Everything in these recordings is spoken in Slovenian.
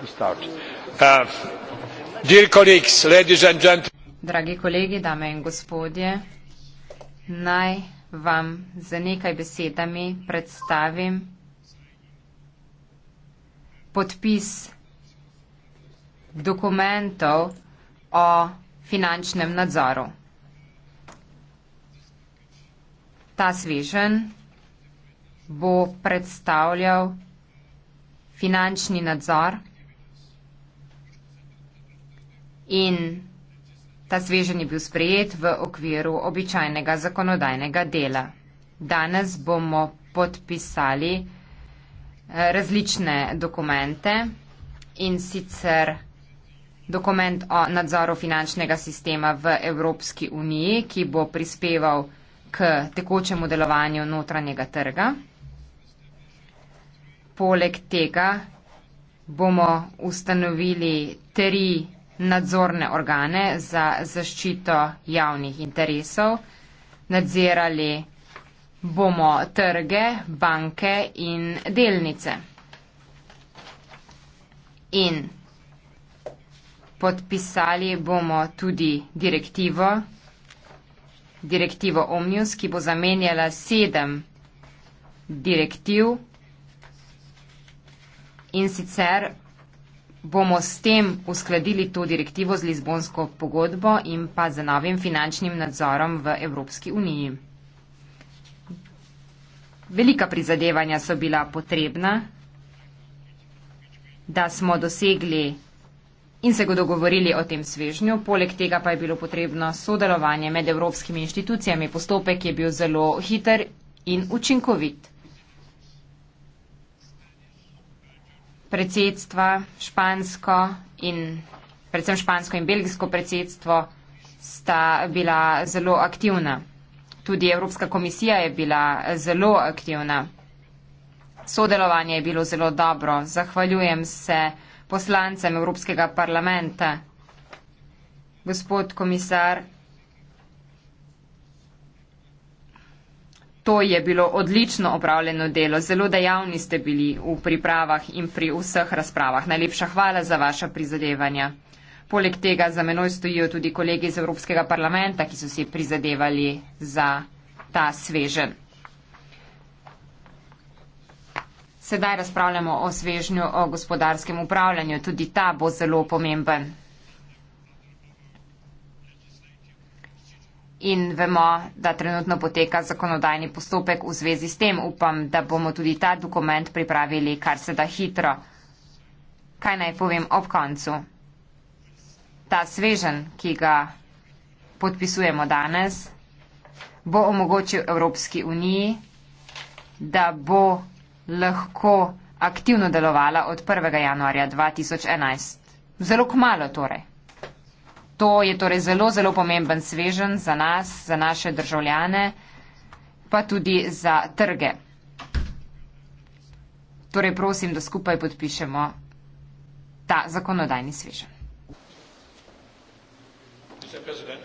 Uh, Dragi kolegi, dame in gospodje, naj vam z nekaj besedami predstavim podpis dokumentov o finančnem nadzoru. Ta svežen bo predstavljal finančni nadzor, in ta svežen je bil sprejet v okviru običajnega zakonodajnega dela. Danes bomo podpisali eh, različne dokumente in sicer dokument o nadzoru finančnega sistema v Evropski uniji, ki bo prispeval k tekočemu delovanju notranjega trga. Poleg tega bomo ustanovili tri nadzorne organe za zaščito javnih interesov, nadzirali bomo trge, banke in delnice. In podpisali bomo tudi direktivo, direktivo Omnius, ki bo zamenjala sedem direktiv in sicer bomo s tem uskladili to direktivo z Lizbonsko pogodbo in pa z novim finančnim nadzorom v Evropski uniji. Velika prizadevanja so bila potrebna, da smo dosegli in se ga dogovorili o tem svežnju. Poleg tega pa je bilo potrebno sodelovanje med evropskimi inštitucijami. Postopek je bil zelo hiter in učinkovit. predsedstva, špansko in predvsem špansko in belgijsko predsedstvo sta bila zelo aktivna. Tudi Evropska komisija je bila zelo aktivna. Sodelovanje je bilo zelo dobro. Zahvaljujem se poslancem Evropskega parlamenta. Gospod komisar, to je bilo odlično opravljeno delo. Zelo dejavni ste bili v pripravah in pri vseh razpravah. Najlepša hvala za vaša prizadevanja. Poleg tega za menoj stojijo tudi kolegi iz Evropskega parlamenta, ki so si prizadevali za ta svežen. Sedaj razpravljamo o svežnju, o gospodarskem upravljanju. Tudi ta bo zelo pomemben. in vemo, da trenutno poteka zakonodajni postopek v zvezi s tem. Upam, da bomo tudi ta dokument pripravili kar se da hitro. Kaj naj povem ob koncu? Ta svežen, ki ga podpisujemo danes, bo omogočil Evropski uniji, da bo lahko aktivno delovala od 1. januarja 2011. Zelo kmalo torej. To je torej zelo, zelo pomemben svežen za nas, za naše državljane, pa tudi za trge. Torej prosim, da skupaj podpišemo ta zakonodajni svežen. Mr. President,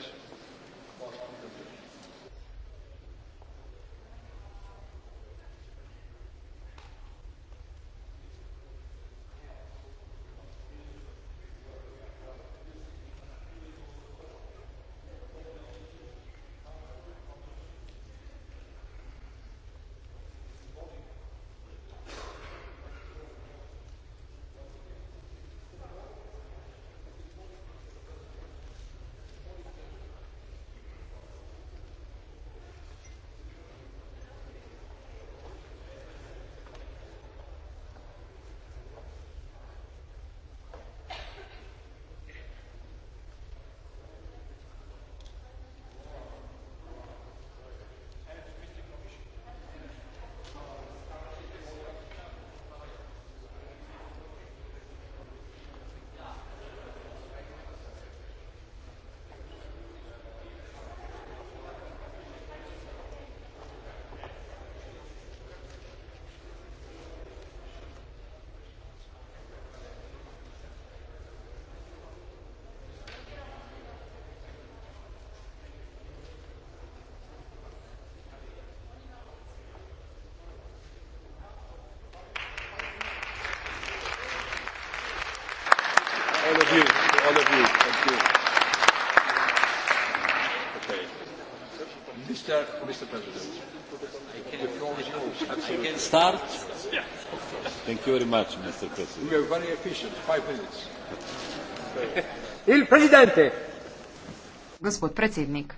of you. To all of you. Thank you. Okay. Mr. Mr. President, I can, the floor is yours. Absolutely. I can start. Yeah. Of course. Thank you very much, Mr. President. We are very efficient. Five minutes. Il Presidente. Gospod predsednik.